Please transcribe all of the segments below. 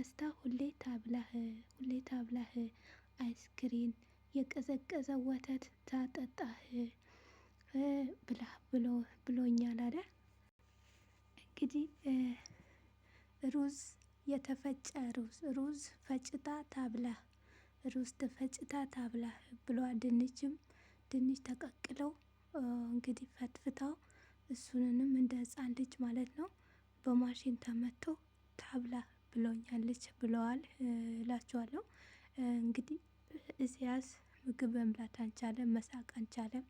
ገዝታ ሁሌ ታብላህ ሁሌ ታብላህ አይስክሪን የቀዘቀዘ ወተት ታጠጣህ ብላ ብሎ ብሎኛል አለ። እንግዲህ ሩዝ የተፈጨ ሩዝ ሩዝ ፈጭታ ታብላህ ሩዝ ተፈጭታ ታብላህ ብሏል። ድንችም ድንች ተቀቅለው እንግዲህ ፈትፍታው እሱንንም እንደ ህፃን ልጅ ማለት ነው በማሽን ተመቶ ታብላህ ብሎኛለች ብለዋል እላቸዋለሁ። እንግዲህ እስያስ ምግብ መብላት አንቻለም መሳቅ አንቻለም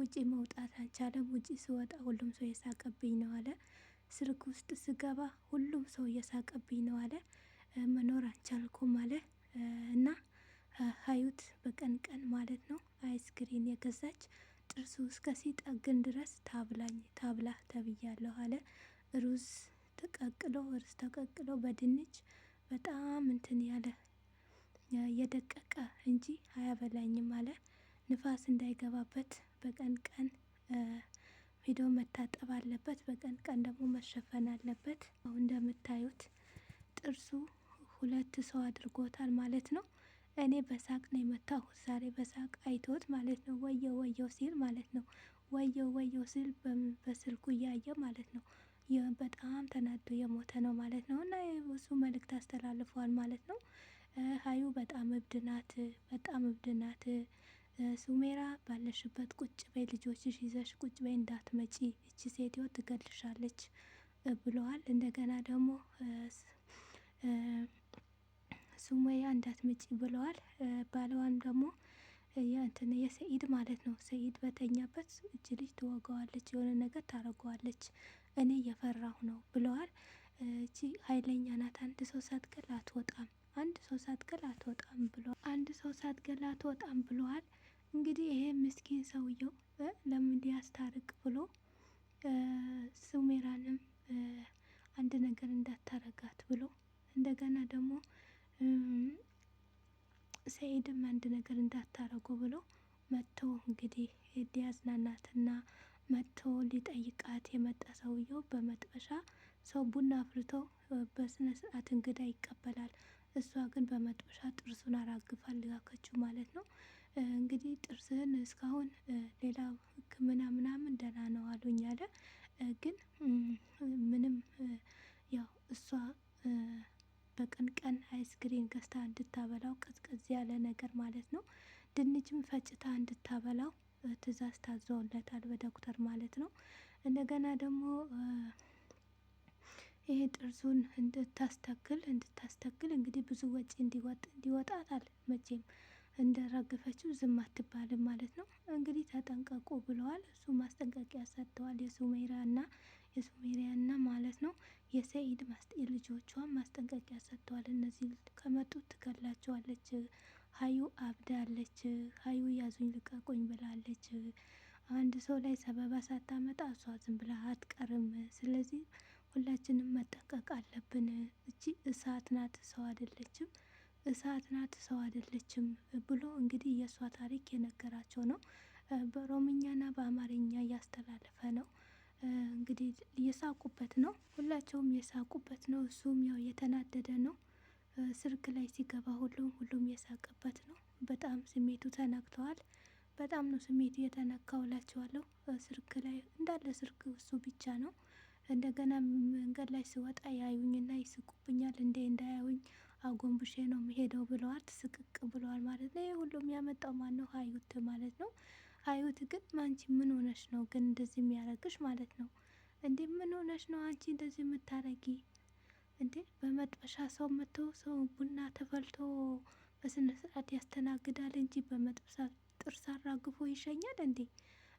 ውጪ መውጣት አንቻለም ውጪ ስወጣ ሁሉም ሰው የሳቀብኝ ነው አለ። ስልክ ውስጥ ስገባ ሁሉም ሰው እየሳቀብኝ ነው አለ። መኖር አልቻልኩም አለ እና ሀዩት በቀን ቀን ማለት ነው አይስክሪን የገዛች ጥርሱ እስከ ሲጠግን ድረስ ታብላኝ ታብላ ተብያለሁ አለ። ሩዝ ተቀቅሎ እርስ ተቀቅሎ በድንች በጣም እንትን ያለ የደቀቀ እንጂ አያበላኝም አለ። ንፋስ እንዳይገባበት በቀን ቀን ሄዶ መታጠብ አለበት። በቀን ቀን ደግሞ መሸፈን አለበት። እንደምታዩት ጥርሱ ሁለት ሰው አድርጎታል ማለት ነው። እኔ በሳቅ ነው የመታሁት ዛሬ በሳቅ አይቶት ማለት ነው። ወየው ወየው ሲል ማለት ነው። ወየው ወየው ሲል በስልኩ እያየ ማለት ነው። በጣም ተናዶ የሞተ ነው ማለት ነው። እና ብዙ መልእክት አስተላልፈዋል ማለት ነው። ሀዩ በጣም እብድ ናት፣ በጣም እብድ ናት። ሱሜራ ባለሽበት ቁጭ በይ፣ ልጆችሽ ይዘሽ ቁጭ በይ፣ እንዳትመጪ እቺ ሴትዮ ትገልሻለች ብለዋል። እንደገና ደግሞ ሱሜያ እንዳትመጪ ብለዋል። ባለዋም ደግሞ እንትን የሰኢድ ማለት ነው። ሰኢድ በተኛበት እጅ ልጅ ትወገዋለች፣ የሆነ ነገር ታረገዋለች፣ እኔ እየፈራሁ ነው ብለዋል። እቺ ኃይለኛ ናት። አንድ ሰው ሳትገል አትወጣም፣ አንድ ሰው ሳትገል አትወጣም ብለዋል። አንድ ሰው ሳትገል አትወጣም ብለዋል። እንግዲህ ይሄ ምስኪን ሰውየው ለምን ሊያስታርቅ ብሎ ሱሜራንም አንድ ነገር እንዳታረጋት ብሎ እንደገና ደግሞ ሰኢድም አንድ ነገር እንዳታረጉ ብሎ መጥቶ እንግዲህ ሊያዝናናትና መጥቶ ሊጠይቃት የመጣ ሰውየው በመጥበሻ ሰው ቡና አፍልቶ በስነ ስርዓት እንግዳ ይቀበላል። እሷ ግን በመጥበሻ ጥርሱን አራግፋ ልጋከችው ማለት ነው። እንግዲህ ጥርስህን እስካሁን ሌላ ሕክምና ምናምን ደህና ነው አሉኝ አለ። ግን ምንም ያው እሷ በቀን ቀን አይስክሪም ገዝታ እንድታበላው ቀዝቀዝ ያለ ነገር ማለት ነው። ድንችም ፈጭታ እንድታበላው ትዕዛዝ ታዘውለታል በዶክተር ማለት ነው። እንደገና ደግሞ ይሄ ጥርሱን እንድታስተክል እንድታስተክል እንግዲህ ብዙ ወጪ እንዲወጣታል መቼም እንደረገፈችው ዝም አትባልም ማለት ነው። እንግዲህ ተጠንቀቁ ብለዋል። እሱ ማስጠንቀቂያ ሰጥተዋል። የሱሜራ እና የሱሜሪያ እና ማለት ነው የሰኢድ ልጆቿን ማስጠንቀቂያ ሰጥተዋል። እነዚህ ከመጡ ትገላቸዋለች። ሀዩ አብዳለች። ሀዩ ያዙኝ ልቀቁኝ ብላለች። አንድ ሰው ላይ ሰበባ ሳታመጣ እሷ ዝም ብላ አትቀርም። ስለዚህ ሁላችንም መጠንቀቅ አለብን። እቺ እሳት ናት፣ ሰው አይደለችም። እሳት ናት ሰው አይደለችም ብሎ እንግዲህ የእሷ ታሪክ የነገራቸው ነው። በኦሮምኛና በአማርኛ እያስተላለፈ ነው። እንግዲህ የሳቁበት ነው። ሁላቸውም የሳቁበት ነው። እሱም ያው የተናደደ ነው። ስልክ ላይ ሲገባ ሁሉም ሁሉም የሳቀበት ነው። በጣም ስሜቱ ተነክተዋል። በጣም ነው ስሜቱ የተነካው እላቸዋለሁ። ስልክ ላይ እንዳለ ስልክ እሱ ብቻ ነው። እንደገና መንገድ ላይ ስወጣ ያዩኝና ይስቁብኛል እንዴ እንዳያዩኝ አጎንብሼ ነው የሚሄደው ብለዋል። ስቅቅ ብለዋል ማለት ነው። ይህ ሁሉም ያመጣው ማን ነው? ሀዩት ማለት ነው። ሀዩት ግን አንቺ ምን ሆነሽ ነው ግን እንደዚህ የሚያረግሽ ማለት ነው? እንዴ ምን ሆነሽ ነው አንቺ እንደዚህ የምታረጊ? እንዴ በመጥበሻ ሰው መጥቶ ሰው ቡና ተፈልቶ በስነ ስርዓት ያስተናግዳል እንጂ በመጥበሻ ጥርስ አራግፎ ይሸኛል እንዴ?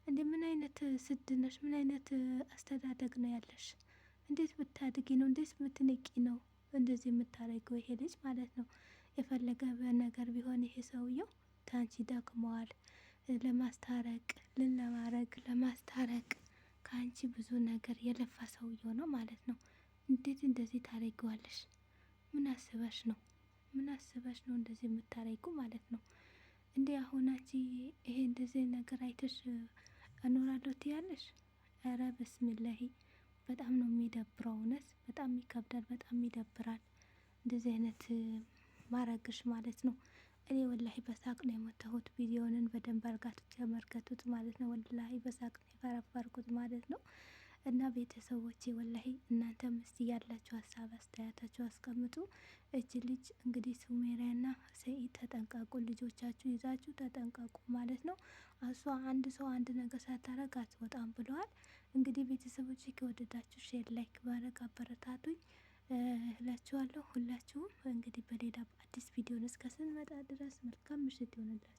እንዴ ምን አይነት ስድ ነሽ? ምን አይነት አስተዳደግ ነው ያለሽ? እንዴት ብታድጊ ነው? እንዴት ብትንቂ ነው? እንደዚህ የምታደርገው ይሄ ልጅ ማለት ነው። የፈለገ ነገር ቢሆን ይሄ ሰውየው ከአንቺ ደክመዋል። ለማስታረቅ ልን ለማድረግ ለማስታረቅ ከአንቺ ብዙ ነገር የለፋ ሰውየው ነው ማለት ነው። እንዴት እንደዚህ ታደርጊዋለሽ? ምን አስበሽ ነው? ምን አስበሽ ነው እንደዚህ የምታደርጊው ማለት ነው። እንዴ አሁን አንቺ ይሄ እንደዚህ ነገር አይተሽ እኖራለሁ ትያለሽ? ኧረ በስሚላሂ በጣም ነው የሚደብረው። እውነት በጣም ይከብዳል፣ በጣም ይደብራል። እንደዚህ አይነት ማረግሽ ማለት ነው። እኔ ወላሂ በሳቅ ነው የሞተሁት። ቪዲዮንን በደንብ አርጋችሁ ተመልከቱት ማለት ነው። ወላሂ በሳቅ ነው የፈረፈርኩት ማለት ነው። እና ቤተሰቦቼ ወላሂ እናንተም እስቲ ያላችሁ ሀሳብ አስተያየታችሁ አስቀምጡ። እች ልጅ እንግዲህ ሱሜሪያና ሰኢድ ተጠንቀቁ፣ ልጆቻችሁ ይዛችሁ ተጠንቀቁ ማለት ነው። እሷ አንድ ሰው አንድ ነገር ሳታረግ አትወጣም ብለዋል። እንግዲህ ቤተሰቦች ከወደዳችሁ ሼር፣ ላይክ ማድረግ አበረታቱኝ እላችኋለሁ። ሁላችሁም እንግዲህ በሌላ አዲስ ቪዲዮ እስከ ስንመጣ ድረስ መልካም ምሽት ይሆንላችሁ።